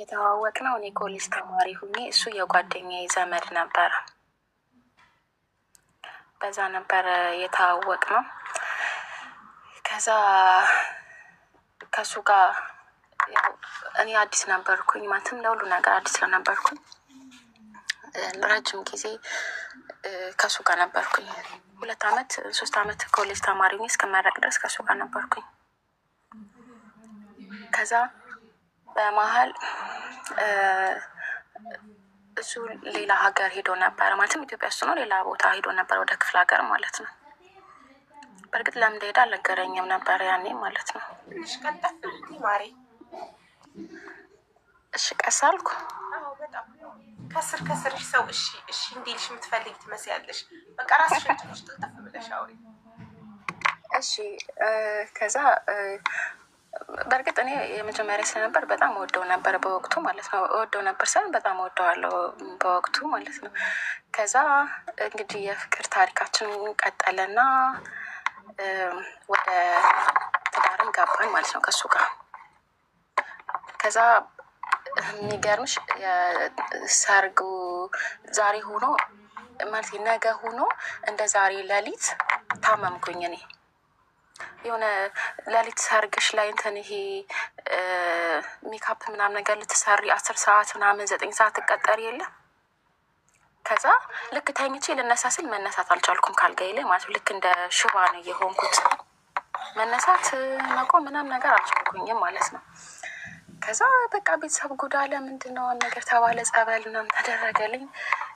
የተዋወቅ ነው እኔ ኮሌጅ ተማሪ ሁኜ እሱ የጓደኛ ዘመድ ነበረ። በዛ ነበረ የተዋወቅ ነው። ከዛ ከእሱ ጋር እኔ አዲስ ነበርኩኝ፣ ማለትም ለሁሉ ነገር አዲስ ስለነበርኩኝ ረጅም ጊዜ ከእሱ ጋር ነበርኩኝ። ሁለት አመት ሶስት አመት ኮሌጅ ተማሪ ሁኜ እስከመረቅ ድረስ ከእሱ ጋር ነበርኩኝ ከዛ በመሀል እሱ ሌላ ሀገር ሄዶ ነበረ፣ ማለትም ኢትዮጵያ ውስጥ ነው፣ ሌላ ቦታ ሄዶ ነበር ወደ ክፍለ ሀገር ማለት ነው። በእርግጥ ለምን እንደሄደ አልነገረኝም ነበር ያኔ ማለት ነው። እሺ ቀስ አልኩ። ከስር ከስርሽ ሰው እሺ እሺ እንዲልሽ የምትፈልግ ትመስያለሽ። በቃ ራስሽን ትንሽ ጥልጥፍ ብለሽ አውሪ እሺ። ከዛ በእርግጥ እኔ የመጀመሪያ ስለነበር በጣም ወደው ነበር በወቅቱ ማለት ነው። ወደው ነበር ሳይሆን በጣም ወደዋለው በወቅቱ ማለት ነው። ከዛ እንግዲህ የፍቅር ታሪካችን ቀጠለና ወደ ትዳርም ገባን ማለት ነው ከሱ ጋር። ከዛ የሚገርምሽ የሰርጉ ዛሬ ሆኖ ማለት ነገ ሆኖ እንደ ዛሬ ሌሊት ታመምኩኝ እኔ የሆነ ሌሊት ሰርግሽ ላይ እንትን ይሄ ሜካፕ ምናምን ነገር ልትሰሪ አስር ሰዓት ምናምን ዘጠኝ ሰዓት ትቀጠሪ የለም ከዛ ልክ ተኝቼ ልነሳ ስል መነሳት አልቻልኩም ካልጋይ ላይ ማለት ልክ እንደ ሽባ ነው የሆንኩት። መነሳት መቆም ምናምን ነገር አልቻልኩኝም ማለት ነው። ከዛ በቃ ቤተሰብ ጉዳ ምንድነው ነገር ተባለ፣ ጸበል ምናምን ተደረገልኝ።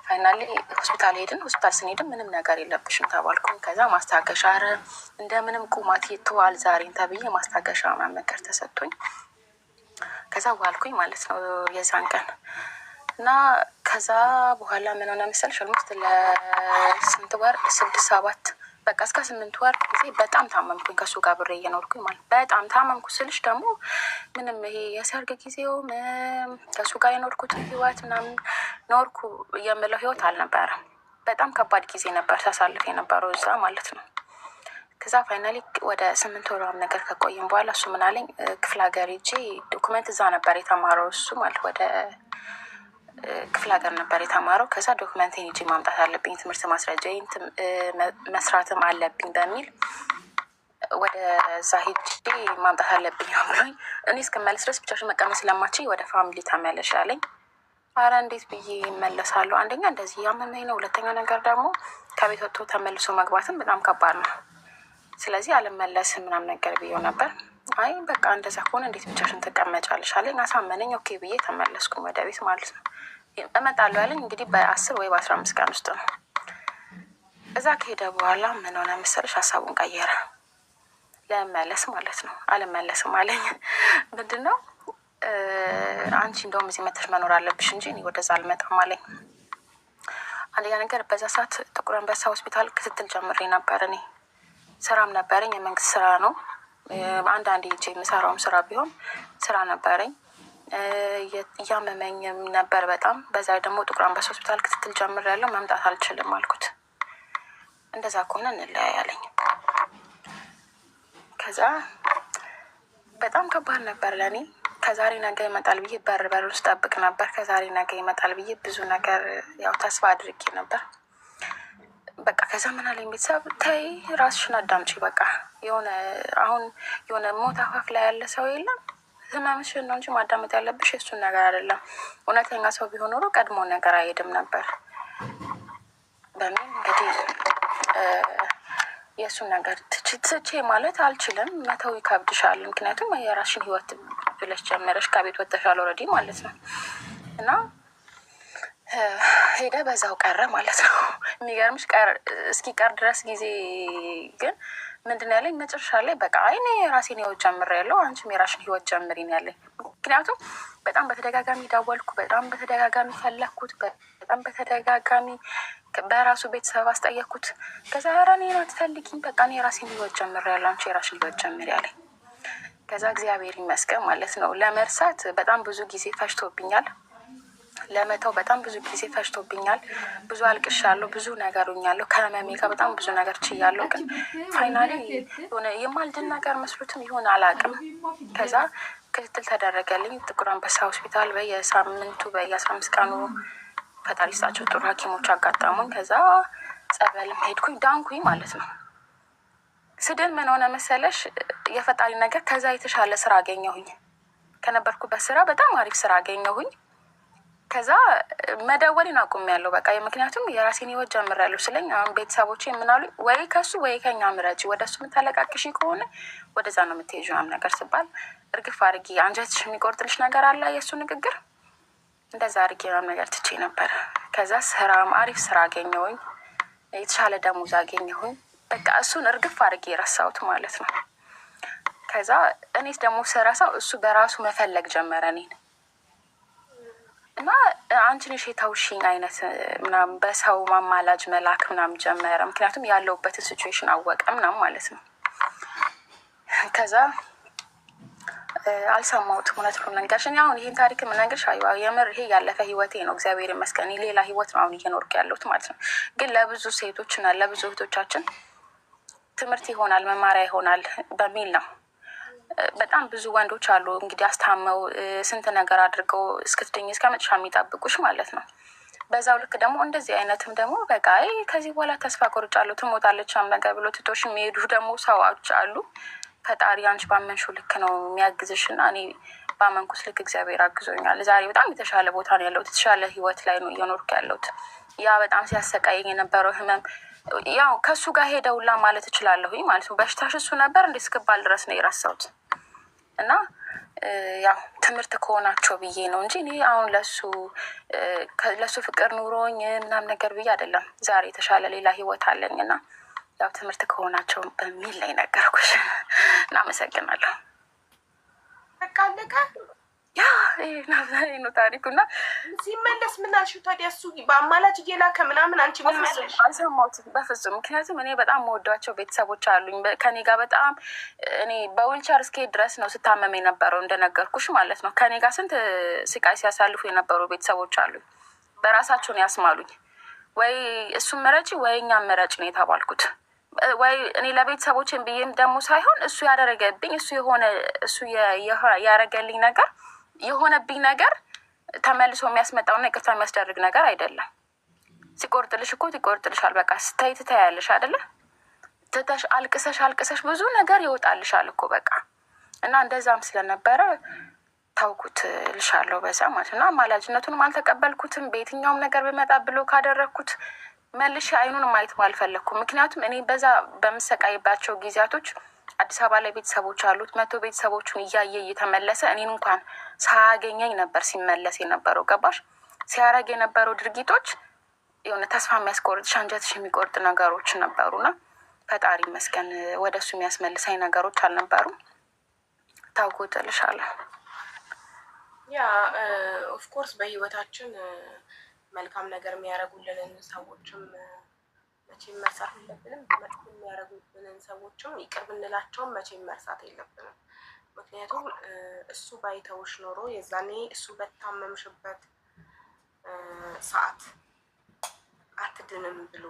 ፋይናሌ ሆስፒታል ሄድን። ሆስፒታል ስንሄድም ምንም ነገር የለብሽም ተባልኩም። ከዛ ማስታገሻ ኧረ እንደምንም ቁማት ይተዋል ዛሬን ተብዬ ማስታገሻ መመከር ተሰጥቶኝ ከዛ ዋልኩኝ ማለት ነው የዛን ቀን እና ከዛ በኋላ ምን ሆነ መሰል ለስንት ወር ስድስት ሰባት በቃ እስከ ስምንት ወር ጊዜ በጣም ታመምኩኝ። ከሱ ጋር ብሬ እየኖርኩኝ ማለት በጣም ታመምኩ ስልሽ ደግሞ ምንም ይሄ የሰርግ ጊዜውም ከሱ ጋር የኖርኩት ህይወት ምናምን ኖርኩ የምለው ህይወት አልነበረም። በጣም ከባድ ጊዜ ነበር ሳሳልፍ የነበረው እዛ ማለት ነው። ከዛ ፋይናሊ ወደ ስምንት ወሯም ነገር ከቆይም በኋላ እሱ ምናለኝ ክፍለ ሀገር ሄጄ ዶኩመንት እዛ ነበር የተማረው እሱ ማለት ወደ ክፍለ ሀገር ነበር የተማረው። ከዛ ዶክመንቴን ይዤ ማምጣት አለብኝ፣ ትምህርት ማስረጃ መስራትም አለብኝ በሚል ወደዛ ሄጄ ማምጣት አለብኝ ብሎኝ እኔ እስክመለስ ድረስ ብቻሽን መቀመጥ ስለማችኝ ወደ ፋሚሊ ተመለሽ አለኝ። አረ እንዴት ብዬ ይመለሳለሁ? አንደኛ እንደዚህ ያመመኝ ነው፣ ሁለተኛ ነገር ደግሞ ከቤት ወጥቶ ተመልሶ መግባትም በጣም ከባድ ነው። ስለዚህ አልመለስም ምናምን ነገር ብየው ነበር። አይ በቃ እንደዛ ከሆነ እንዴት ብቻሽን ትቀመጫለሽ አለኝ። አሳመነኝ። ኦኬ ብዬ ተመለስኩ ወደ ቤት ማለት ነው። እመጣለሁ ያለኝ እንግዲህ በአስር ወይ በአስራ አምስት ቀን ውስጥ ነው። እዛ ከሄደ በኋላ ምን ሆነ መሰለሽ? ሀሳቡን ቀየረ። ለመለስ ማለት ነው አልመለስም አለኝ። ምንድን ነው አንቺ እንደውም እዚህ መተሽ መኖር አለብሽ እንጂ እኔ ወደዛ አልመጣም አለኝ። አንደኛ ነገር በዛ ሰዓት ጥቁር አንበሳ ሆስፒታል ክትትል ጀምሬ ነበር። እኔ ስራም ነበረኝ፣ የመንግስት ስራ ነው። አንዳንድ ሄጄ የምሰራውም ስራ ቢሆን ስራ ነበረኝ። እያመመኝም ነበር በጣም በዛ ደግሞ ጥቁር አንበሳ ሆስፒታል ክትትል ያለው መምጣት አልችልም አልኩት። እንደዛ ከሆነ እንለያይ አለኝ። ከዛ በጣም ከባድ ነበር ለእኔ። ከዛሬ ነገ ይመጣል ብዬ በር በር ውስጥ ጠብቅ ነበር። ከዛሬ ነገ ይመጣል ብዬ ብዙ ነገር ያው ተስፋ አድርጌ ነበር። በቃ ከዛ ምን አለኝ ቤተሰብ ተይ፣ ራስሽን አዳምጪ። በቃ የሆነ አሁን የሆነ ሞት አፋፍ ላይ ያለ ሰው የለም ህመምሽን ነው እንጂ ማዳመጥ ያለብሽ እሱን ነገር አይደለም። እውነተኛ ሰው ቢሆን ኖሮ ቀድሞ ነገር አይሄድም ነበር በምን እንግዲህ የእሱን ነገር ትቼ ማለት አልችልም። መተው ይከብድሻል። ምክንያቱም የራሽን ህይወት ብለሽ ጀመረሽ ከቤት ወጥተሻል ኦልሬዲ ማለት ነው እና ሄደ በዛው ቀረ ማለት ነው። የሚገርምሽ እስኪቀር ድረስ ጊዜ ግን ምንድን ነው ያለኝ መጨረሻ ላይ በቃ እኔ የራሴን ህይወት ጀምር ያለው አንቺም የራሽን ህይወት ጀምሪ ያለ ያለኝ። ምክንያቱም በጣም በተደጋጋሚ ደወልኩ፣ በጣም በተደጋጋሚ ፈለግኩት፣ በጣም በተደጋጋሚ በራሱ ቤተሰብ አስጠየቅኩት። ከዛ ኧረ እኔን አትፈልጊኝ በቃ እኔ የራሴን ህይወት ጀምር ያለው አንቺ የራሽን ህይወት ጀምር ያለኝ። ከዛ እግዚአብሔር ይመስገን ማለት ነው ለመርሳት በጣም ብዙ ጊዜ ፈጅቶብኛል። ለመተው በጣም ብዙ ጊዜ ፈጅቶብኛል። ብዙ አልቅሻለሁ፣ ብዙ ነገር ሆኛለሁ። ከህመሜ ጋር በጣም ብዙ ነገር ችያለሁ። ግን ፋይናሊ ሆነ የማልድን ነገር መስሎትም ይሆን አላውቅም። ከዛ ክትትል ተደረገልኝ ጥቁር አንበሳ ሆስፒታል በየሳምንቱ በየአስራ አምስት ቀኑ ፈጣሪ ይስጣቸው ጥሩ ሐኪሞች አጋጠሙኝ። ከዛ ጸበልም ሄድኩኝ ዳንኩኝ ማለት ነው። ስድን ምን ሆነ መሰለሽ የፈጣሪ ነገር ከዛ የተሻለ ስራ አገኘሁኝ። ከነበርኩበት ስራ በጣም አሪፍ ስራ አገኘሁኝ። ከዛ መደወሌን ያለው በቃ ምክንያቱም የራሴን ህይወት ጀምሬያለሁ ስለኝ አሁን ቤተሰቦች የምናሉ ወይ ከሱ ወይ ከኛ ምረጭ፣ ወደ እሱ የምታለቃቅሽ ከሆነ ወደዛ ነው የምትሄጂው ምናምን ነገር ስባል እርግፍ አድርጊ አንጀትሽ የሚቆርጥልሽ ነገር አለ የእሱ ንግግር እንደዛ አድርጌ ምናምን ነገር ትቼ ነበር። ከዛ ስራም አሪፍ ስራ አገኘሁኝ፣ የተሻለ ደሞዝ አገኘሁኝ። በቃ እሱን እርግፍ አድርጌ ረሳሁት ማለት ነው። ከዛ እኔት ደግሞ ስረሳው እሱ በራሱ መፈለግ ጀመረ እኔን እና አንቺ ነሽ የታውሽኝ አይነት ምናምን በሰው ማማላጅ መላክ ምናምን ጀመረ። ምክንያቱም ያለውበትን ሲትዌሽን አወቀ ምናምን ማለት ነው። ከዛ አልሰማሁትም እውነት ሁሉ ነገርሽ እኔ አሁን ይህን ታሪክ የምነግርሽ አይዋ የምር ይሄ ያለፈ ህይወቴ ነው። እግዚአብሔር ይመስገን ሌላ ህይወት ነው አሁን እየኖርኩ ያለሁት ማለት ነው። ግን ለብዙ ሴቶች ሴቶችና ለብዙ እህቶቻችን ትምህርት ይሆናል መማሪያ ይሆናል በሚል ነው በጣም ብዙ ወንዶች አሉ እንግዲህ አስታመው ስንት ነገር አድርገው እስክትድኝ እስከ መጨረሻ የሚጠብቁሽ ማለት ነው። በዛው ልክ ደግሞ እንደዚህ አይነትም ደግሞ በቃ ከዚህ በኋላ ተስፋ ቆርጫለሁ ትሞታለች ነገር ብሎ ትቶሽ የሚሄዱ ደግሞ ሰዎች አሉ። ፈጣሪ አንቺ ባመንሹ ልክ ነው የሚያግዝሽ እና እኔ ባመንኩስ ልክ እግዚአብሔር አግዞኛል። ዛሬ በጣም የተሻለ ቦታ ነው ያለሁት፣ የተሻለ ህይወት ላይ ነው እየኖርኩ ያለሁት። ያ በጣም ሲያሰቃየኝ የነበረው ህመም ያው ከእሱ ጋር ሄደውላ ማለት እችላለሁኝ ማለት ነው። በሽታሽ እሱ ነበር እንደ እስክባል ድረስ ነው የራሳሁት። እና ያው ትምህርት ከሆናቸው ብዬ ነው እንጂ እኔ አሁን ለሱ ለሱ ፍቅር ኑሮኝ ምናምን ነገር ብዬ አይደለም። ዛሬ የተሻለ ሌላ ህይወት አለኝ እና ያው ትምህርት ከሆናቸው በሚል ላይ ነገርኩሽ። እናመሰግናለሁ። በቃ አለቀ። ያ ነው ታሪኩ። እና ሲመለስ ምናልሽ ታዲያ እሱ በአማላጭ እየላከ ምናምን አንቺ አልሰማሁትም በፍጹም። ምክንያቱም እኔ በጣም መወዷቸው ቤተሰቦች አሉኝ ከኔ ጋር በጣም እኔ በዊልቸር እስኬ ድረስ ነው ስታመም የነበረው እንደነገርኩሽ ማለት ነው። ከኔ ጋር ስንት ስቃይ ሲያሳልፉ የነበሩ ቤተሰቦች አሉኝ። በራሳቸውን ያስማሉኝ ወይ እሱ ምረጭ ወይ እኛ ምረጭ ነው የተባልኩት ወይ እኔ ለቤተሰቦችን ብዬም ደግሞ ሳይሆን እሱ ያደረገብኝ እሱ የሆነ እሱ ያደረገልኝ ነገር የሆነብኝ ነገር ተመልሶ የሚያስመጣውና ይቅርታ የሚያስደርግ ነገር አይደለም። ሲቆርጥልሽ እኮ ይቆርጥልሻል። በቃ ስታይ ትታያለሽ አይደለ? ትተሽ አልቅሰሽ አልቅሰሽ ብዙ ነገር ይወጣልሻል እኮ በቃ እና እንደዛም ስለነበረ ታውኩት ልሻለሁ በዛ ማለት ነው። አማላጅነቱንም አልተቀበልኩትም። በየትኛውም ነገር ብመጣ ብሎ ካደረግኩት መልሼ አይኑን ማየት አልፈለግኩም። ምክንያቱም እኔ በዛ በምሰቃይባቸው ጊዜያቶች አዲስ አበባ ላይ ቤተሰቦች አሉት። መቶ ቤተሰቦቹን እያየ እየተመለሰ እኔን እንኳን ሳያገኘኝ ነበር ሲመለስ የነበረው ገባሽ። ሲያደርግ የነበረው ድርጊቶች የሆነ ተስፋ የሚያስቆርጥ አንጀትሽ የሚቆርጥ ነገሮች ነበሩና ፈጣሪ ይመስገን ወደሱ የሚያስመልሰኝ ነገሮች አልነበሩም። ታውኩት ያ ኦፍኮርስ በህይወታችን መልካም ነገር የሚያደርጉልንን ሰዎችም መቼም መርሳት የለብንም። መጥፎ የሚያደርጉብንን ሰዎችም ይቅር ብንላቸውም መቼም መርሳት የለብንም። ምክንያቱም እሱ ባይተውሽ ኖሮ የዛኔ እሱ በታመምሽበት ሰዓት አትድንም ብሎ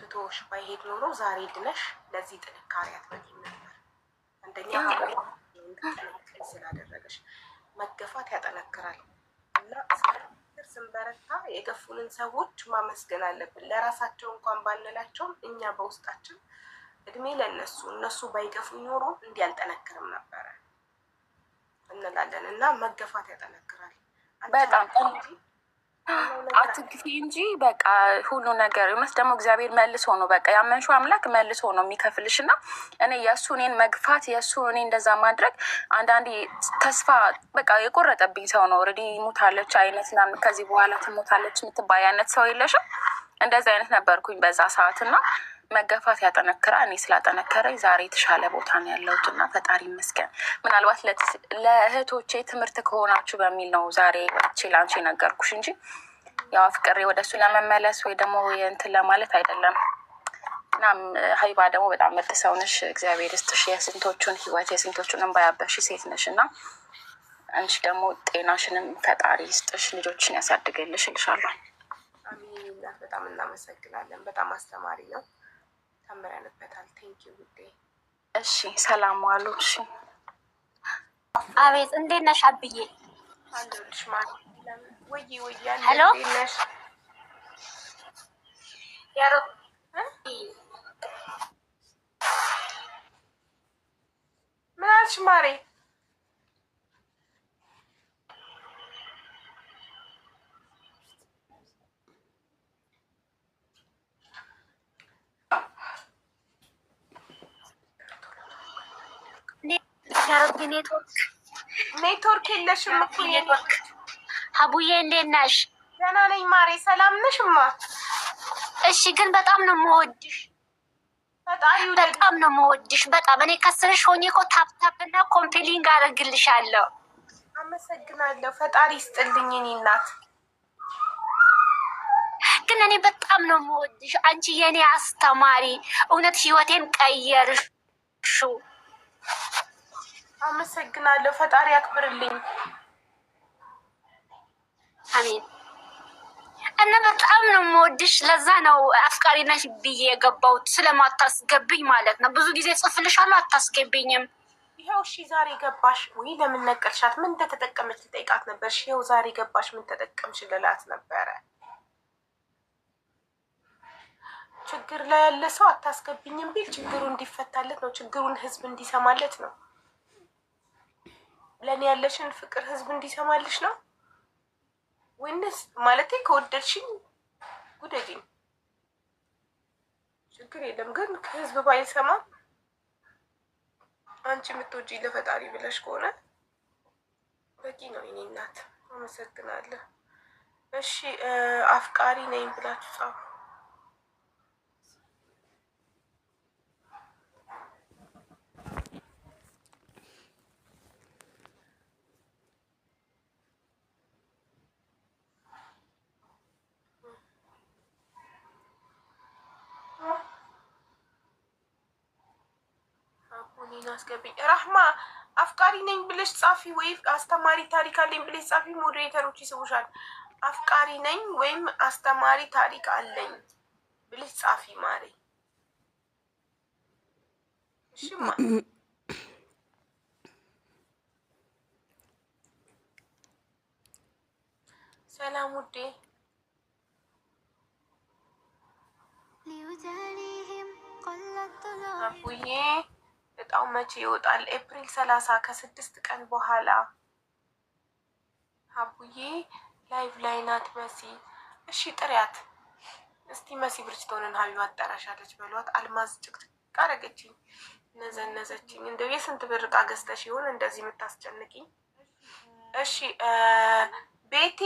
ትቶሽ ባይሄድ ኖሮ ዛሬ ድነሽ ለዚህ ጥንካሬ አትመጪም ነበር። አንደኛ ስላደረገሽ መገፋት ያጠነክራል እና ችግር ስንበረታ የገፉንን ሰዎች ማመስገን አለብን። ለራሳቸው እንኳን ባንላቸውም እኛ በውስጣችን እድሜ ለነሱ እነሱ ባይገፉ ኖሮ እንዲህ አልጠነክርም ነበረ እንላለን እና መገፋት ያጠነክራል በጣም አትግፊ እንጂ በቃ ሁሉ ነገር መስ ደግሞ እግዚአብሔር መልሶ ነው በቃ ያመንሹ አምላክ መልሶ ነው የሚከፍልሽ። እና እኔ የእሱ እኔን መግፋት የእሱ እኔ እንደዛ ማድረግ አንዳንዴ ተስፋ በቃ የቆረጠብኝ ሰው ነው። ረዲ ሞታለች አይነት ና ከዚህ በኋላ ትሞታለች የምትባይ አይነት ሰው የለሽም። እንደዚህ አይነት ነበርኩኝ በዛ ሰዓት እና መገፋት ያጠነክራ እኔ ስላጠነከረኝ ዛሬ የተሻለ ቦታ ነው ያለሁት እና ፈጣሪ ይመስገን። ምናልባት ለእህቶቼ ትምህርት ከሆናችሁ በሚል ነው ዛሬ ወጥቼ ለአንቺ የነገርኩሽ እንጂ ያው አፍቅሬ ወደሱ ለመመለስ ወይ ደግሞ እንትን ለማለት አይደለም። እናም ሀይባ ደግሞ በጣም ምርጥ ሰው ነሽ። እግዚአብሔር ይስጥሽ። የስንቶቹን ህይወት የስንቶቹን እንባ ያበሽ ሴት ነሽ እና አንቺ ደግሞ ጤናሽንም ፈጣሪ ይስጥሽ፣ ልጆችን ያሳድግልሽ እልሻለሁ። በጣም እናመሰግናለን። በጣም አስተማሪ ነው። ተምረንበታል። ቴንኪው ውዴ። እሺ ሰላም ዋሉ። እሺ አቤት፣ እንዴት ነሽ አብዬ? አንዶልሽ ማለት ወይ ወይ ሄሎ ያሮ ምን አልሽ ማሬ? ያረቢ ኔትወርክ ኔትወርክ የለሽም እኮ ኔትወርክ። ሀቡዬ እንዴት ነሽ? ደህና ነኝ ማሬ፣ ሰላም ነሽ? እሺ። ግን በጣም ነው የምወድሽ፣ በጣም ነው የምወድሽ። በጣም እኔ ከስርሽ ሆኜ እኮ ታፕታፕ እና ኮምፔሊንግ አደርግልሻለሁ። አመሰግናለሁ። ፈጣሪ ይስጥልኝ እኔ እናት። ግን እኔ በጣም ነው የምወድሽ። አንቺ የእኔ አስተማሪ፣ እውነት ህይወቴን ቀየርሽው። አመሰግናለሁ። ፈጣሪ ያክብርልኝ። አሜን። እና በጣም ነው የምወድሽ። ለዛ ነው አፍቃሪ ነሽ ብዬ የገባሁት ስለማታስገብኝ ማለት ነው። ብዙ ጊዜ ጽፍልሻለሁ፣ አታስገብኝም። ይኸው እሺ፣ ዛሬ ገባሽ ወይ? ለምን ነቀልሻት? ምን እንደተጠቀመች ልጠይቃት ነበር። ይኸው ዛሬ ገባሽ፣ ምን ተጠቀምሽ ልላት ነበረ። ችግር ላይ ያለ ሰው አታስገብኝም ቢል ችግሩ እንዲፈታለት ነው፣ ችግሩን ህዝብ እንዲሰማለት ነው። ለእኔ ያለሽን ፍቅር ህዝብ እንዲሰማልሽ ነው ወይነስ ማለት ከወደድሽኝ ጉደጅኝ ችግር የለም ግን ከህዝብ ባይሰማ አንቺ የምትወጂ ለፈጣሪ ብለሽ ከሆነ በቂ ነው። የኔ እናት አመሰግናለሁ። እሺ አፍቃሪ ነኝ ብላችሁ ጻፉ። ቪዲዮ አስገቢ። ራህማ አፍቃሪ ነኝ ብለሽ ጻፊ ወይም አስተማሪ ታሪክ አለኝ ብለሽ ጻፊ። ሞዴሬተሮች ይስቡሻል። አፍቃሪ ነኝ ወይም አስተማሪ ታሪክ አለኝ ብለሽ ጻፊ ማሪ። ሰላም ውዴ አቡዬ የወጣው መቼ ይወጣል? ኤፕሪል ሰላሳ ከስድስት ቀን በኋላ። አቡዬ ላይቭ ላይ ናት መሲ። እሺ ጥሪያት እስቲ መሲ ብርጅቶንን ሀዩ አጠራሻለች በሏት። አልማዝ ጭቅጭቅ ቃረገች ነዘነዘችኝ። እንደው የስንት ብር ዕቃ ገዝተሽ ይሆን እንደዚህ የምታስጨንቅኝ? እሺ ቤቴ